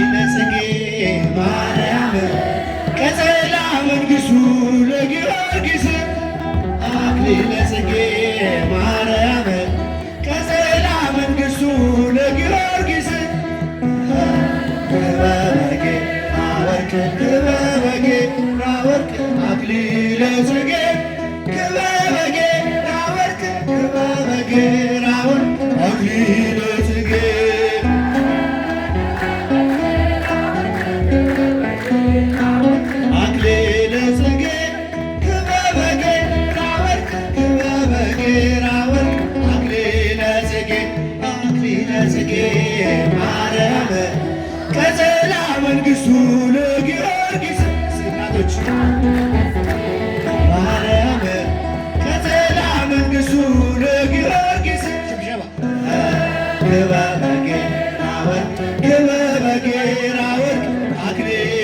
vida é seguir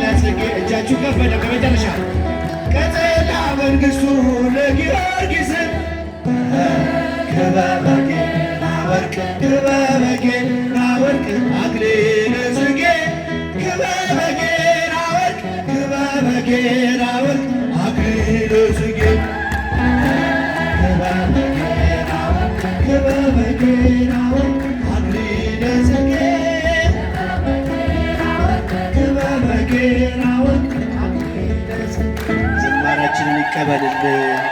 ለጽጌ እጃችሁ ከፍ በመጨረሻ ቀጠላ መንግስቱ ለጊዮርጊስ ክበበጌ ናወርቅ ናወርቅ አክሊለ ጽጌ ናወርቅ ናወርቅ አክሊለ ጽጌ ናወርቅ ናወርቅ ይቀበልልን።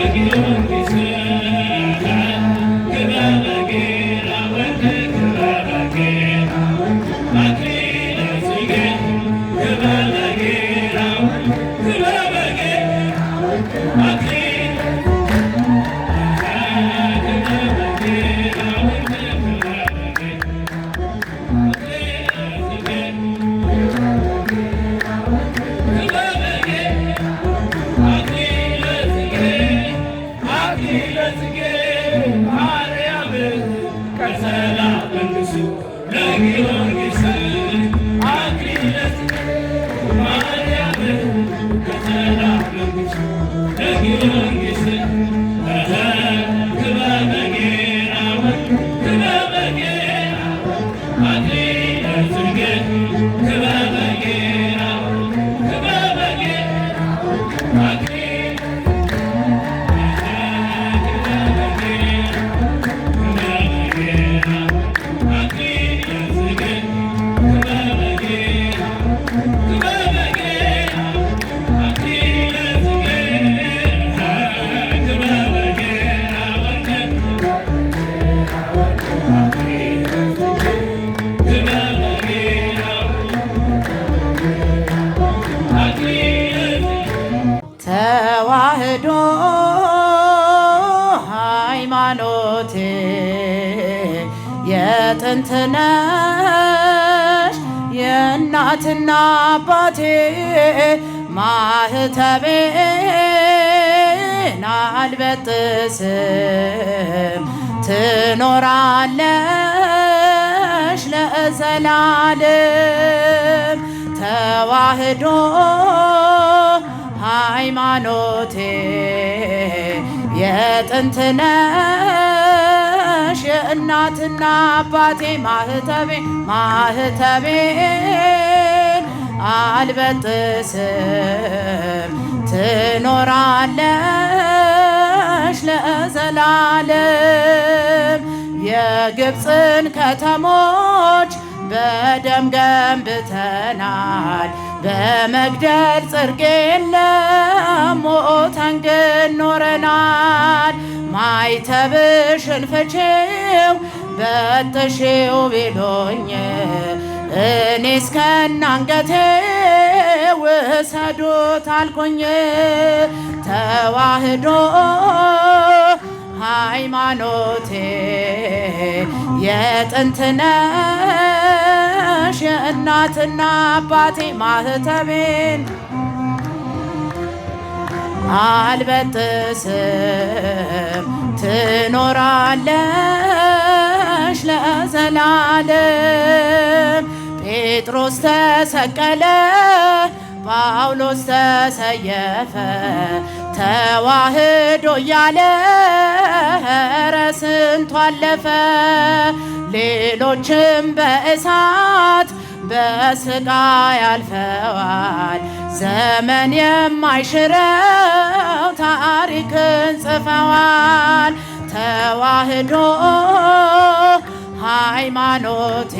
Thank you. let you. ሃይማኖቴ የጥንት ነሽ የእናትና አባቴ ማህተቤን አልበጥስም ትኖራለሽ ለዘላለም ተዋህዶ ሃይማኖቴ የጥንት ነሽ የእናትና አባቴ ማህተቤ ማህተቤን አልበጥስም ትኖራለሽ ለዘላለም የግብፅን ከተሞች በደም ገንብተናል። በመግደል ጽድቅ የለም ሞት አንግል ኖረናል። ማይተብሽን ፍቺው በጥሺው ቢሎኝ እኔ እስከነ አንገቴ ውሰዱት አልኩኝ ተዋህዶ ሃይማኖቴ የጥንት ነሽ የእናትና አባቴ ማህተቤን አልበጥስም ትኖራለሽ ለዘላለም። ጴጥሮስ ተሰቀለ፣ ጳውሎስ ተሰየፈ ተዋህዶ እያለ ኧረ ስንቱ አለፈ። ሌሎችም በእሳት በስቃይ አልፈዋል። ዘመን የማይሽረው ታሪክን ጽፈዋል። ተዋህዶ ሃይማኖቴ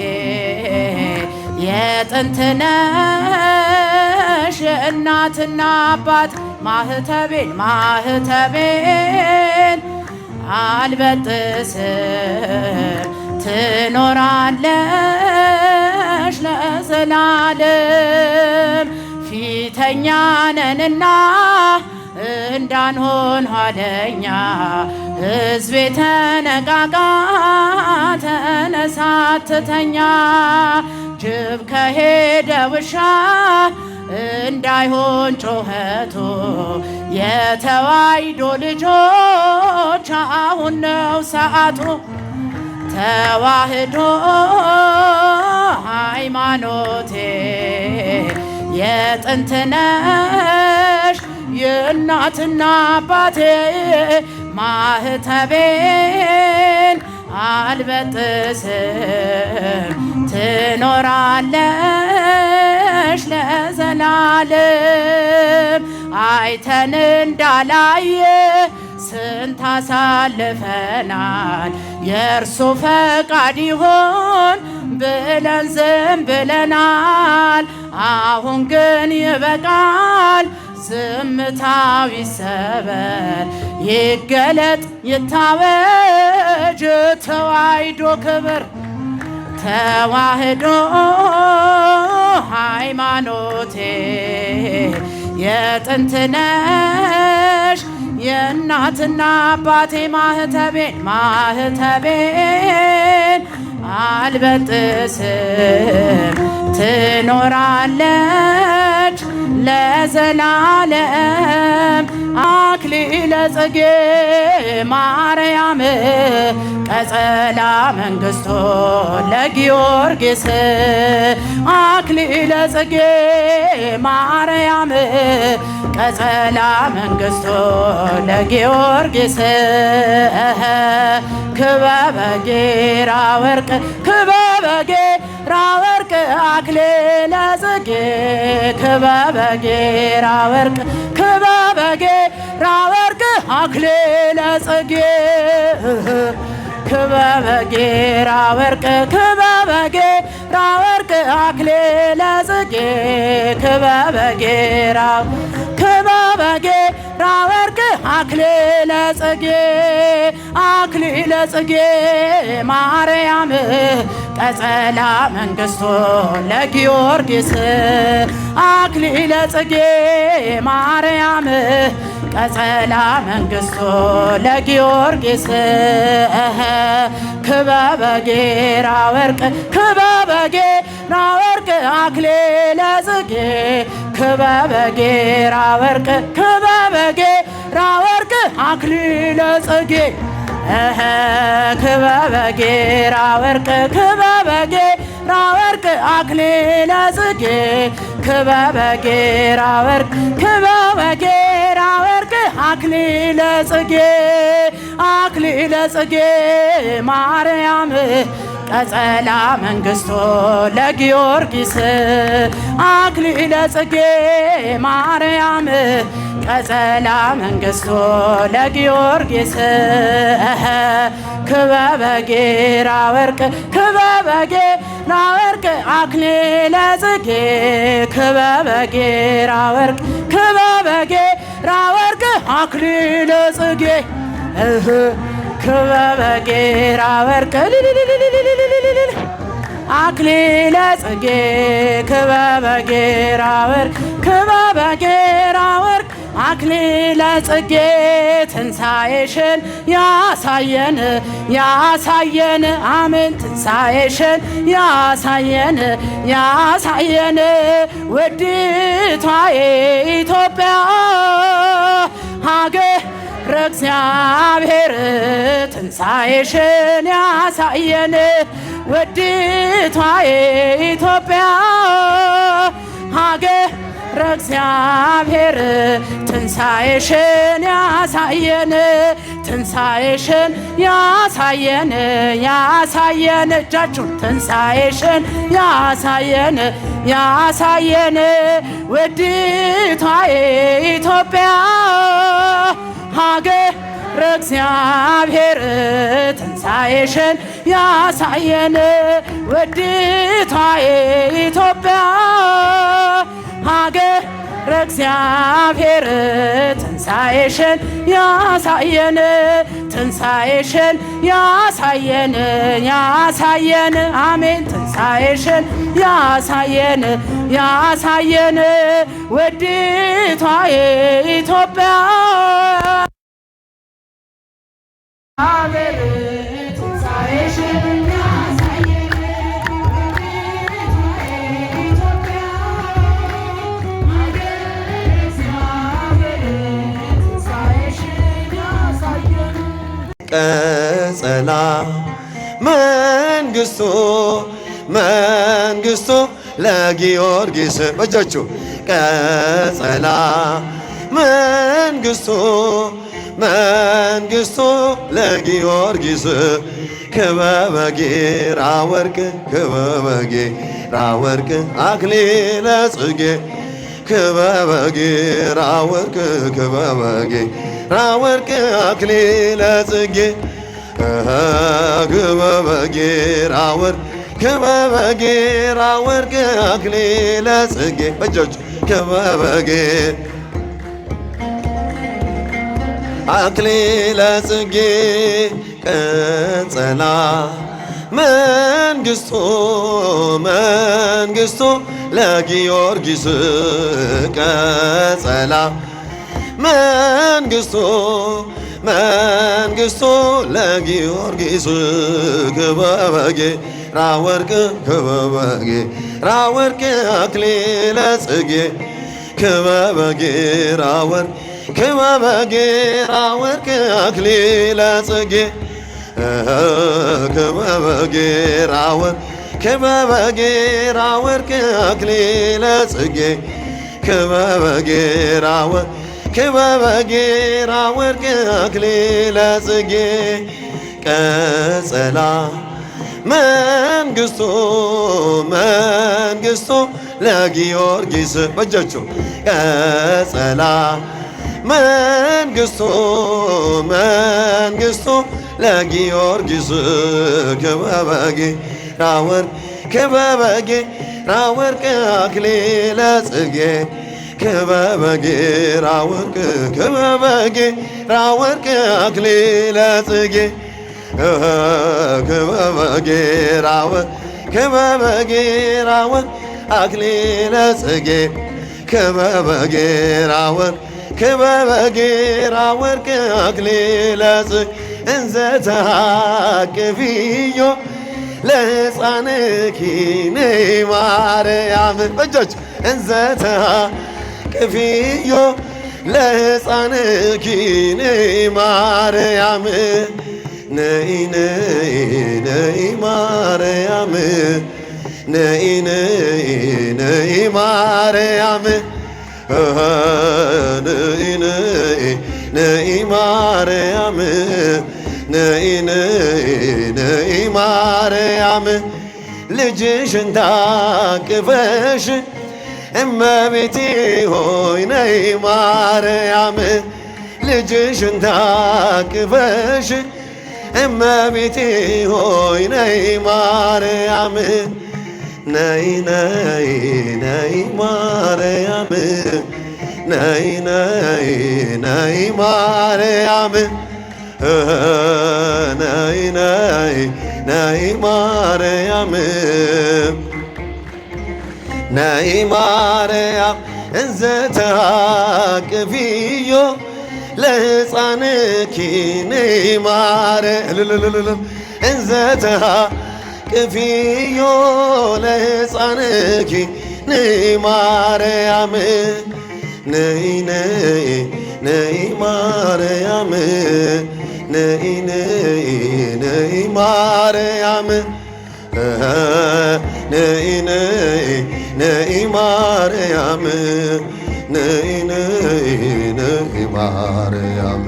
የጥንትነሽ የእናትና አባት ማህተቤን ማህተቤን አልበጥስም ትኖራለሽ ለዘላለም ፊተኛ ነንና እንዳንሆን ኋለኛ ሕዝቤ ተነቃቃ ተነሳትተኛ ጅብ ከሄደ ውሻ እንዳይሆን ጮኸቱ የተዋሕዶ ልጆች አሁን ነው ሰዓቱ። ተዋሕዶ ሃይማኖቴ የጥንት ነሽ የእናትና አባቴ ማህተቤን አልበጥስም ትኖራለህ ነሽ ለዘላለም አይተን እንዳላየ ስንት አሳልፈናል የእርሱ ፈቃድ ይሆን ብለን ዝም ብለናል። አሁን ግን ይበቃል። ዝምታዊ ሰበር ይገለጥ ይታወጅ። ተዋህዶ ክብር ተዋህዶ ሃይማኖቴ የጥንት ነሽ የእናትና አባቴ ማህተቤን ማህተቤን አልበጥስም ትኖራለች ለዘላለም አክሊለ ጽጌ ማርያም ቀጸላ መንግሥቶ ለጊዮርጊስ አክሊለ ጽጌ ማርያም ቀጸላ መንግሥቶ ለጊዮርጊስ ክበበ ጌራ ወርቅ ክበበ ጌራ ወርቅ አክሊለ ጽጌ ክበበ ጌራ ወርቅ በጌራ ወርቅ አክሊለ ጽጌ ክበበጌ ራበርቅ ክበበጌ ራበርቅ ጌራ ወርቅ አክሊለ ጽጌ ክበበጌ ጌራ ክበበ ጌራ ወርቅ አክሊለ ጽጌ አክሊለ ጽጌ ማርያም ቀጸላ መንግስቱ ለጊዮርጊስ አክሊለ ጽጌ ማርያም ቀጸላ መንግስቱ ለጊዮርጊስ ክበበጌራ ወርቅ ክበበጌራ ወርቅ አክሊለ ጽጌ ክበበጌራ ወርቅ ክበበጌራ ወርቅ አክሊለ ጽጌ ክበበ ጌራ ወርቅ ክበበ ጌራ ወርቅ አክሊለ ጽጌ ክበበ ጌራ ወርቅ ክበበ ጌራ ወርቅ አክሊለ ጽጌ አክሊለ ጽጌ ማርያም ቀጸላ መንግስቶ ለጊዮርጊስ አክሊለ ጽጌ ማርያም ቀጸላ መንግስቶ ለጊዮርጊስ ክበበጌራ ወርቅ ክበበጌራ ወርቅ አክሊለ ጽጌ ክበበጌራ ወርቅ ክበበጌራ ወርቅ አክሊለ ጽጌ ክበበ ጌራ ወርቅ አክሊለ ጽጌ ክበበ ጌራ ወርቅ ክበበ ጌራ ወርቅ አክሊለ ጽጌ ትንሣኤሽን ያሳየን ያሳየን አሜን ትንሣኤሽን ያሳየን ያሳየን ውድቷ ኢትዮጵያ ሀገር ገብረ እግዚአብሔር ትንሣኤሽን ያሳየን ውዲቷ ኢትዮጵያ ሀገረ እግዚአብሔር ትንሣኤሽን ያሳየን ትንሣኤሽን ያሳየን ያሳየን እጃችሁን ትንሣኤሽን ያሳየን ያሳየን ውዲቷ ኢትዮጵያ ሀገር እግዚአብሔር ትንሣኤሽን ያሳየን ውድታዬ ኢትዮጵያ ሀገረ እግዚአብሔር ትንሣኤሽን ያሳየን ትንሣኤሽን ያሳየን ያሳየን አሜን ትንሣኤሽን ያሳየን ያሳየን ውዲቷ ኢትዮጵያ ቀጸላ መንግስቱ መንግስቱ ለጊዮርጊስ በእጃችሁ ቀጸላ መንግስቱ መንግስቱ ለጊዮርጊስ ክበበጌራ ወርቅ ክበበጌራ ወርቅ አክሊለ ጽጌ ክበበጌራ ወርቅ ክበበጌራ ወርቅ አክሊለ ጽጌ ክበበጌራ ወርቅ ክበበ ጌራ ወርቅ አክሊለ ጽጌ እጆች ክበበ ጌራ አክሊለ ጽጌ ቀንጸላ መንግስቱ መንግስቱ ለጊዮርጊስ ቀጸላ መንግስቱ መንግስቱ ለጊዮርጊስ ክበበ ጌራ ራወርቅ ክበበጌ ራወርቅ አክሊለ ጽጌ ክበበጌ ራወርቅ ክበበጌ ራወርቅ አክሊለ ጽጌ ክበበጌ ራወርቅ ክበበጌ ራወርቅ አክሊለ ጽጌ ክበበጌ ራወርቅ ክበበጌ ራወርቅ አክሊለ ጽጌ ቀጸላ መንግስቱ መንግስቱ ለጊዮርጊስ በእጃቸው ቀጸላ መንግስቱ መንግስቱ ለጊዮርጊስ ክበበጌ ራወር ክበበጌ ራወርቅ አክሊለ ጽጌ ክበበጌ ራወርቅ ክበበጌ ራወርቅ አክሊለ ጽጌ ክበበ ጌራወ ክበበ ጌራወ አክሊለ ጽጌ ክበበ ጌራወ ክበበ ጌራ ወርቅ አክሊለ ጽጌ እንዘ ተሃቅፊዮ ለሕፃንኪ ነይ ማርያም እጆች እንዘ ተሃቅፊዮ ለሕፃንኪ ነይ ማርያም ነይ ነይ ነይ ማርያም ነይ ነይ ነይ ማርያም ነይ ነይ ነይ ማርያም ነይ ነይ ነይ ማርያም ልጅሽን ታቅፈሽ እመቤቴ ሆይ ነይ ማርያም ልጅሽን ታቅፈሽ እመቤቴ ሆይ ነይ ማርያም ነይ ነይ ነይ ማርያም ነይ ነይ ነይ ማርያም ነይ ነይ ነይ ማርያም ነይ ማርያም እንዘ ተሃቅፊዮ ለሕፃን ኪንማረ እንዘተሃ ቅፊዮ ለሕፃን ኪንማርያም ነይ ነይ ነይ ማርያም ነይ ነይ ነይ ማርያም ነይ ነይ ነይ ማርያም ነይ ነይ ነይ ማርያም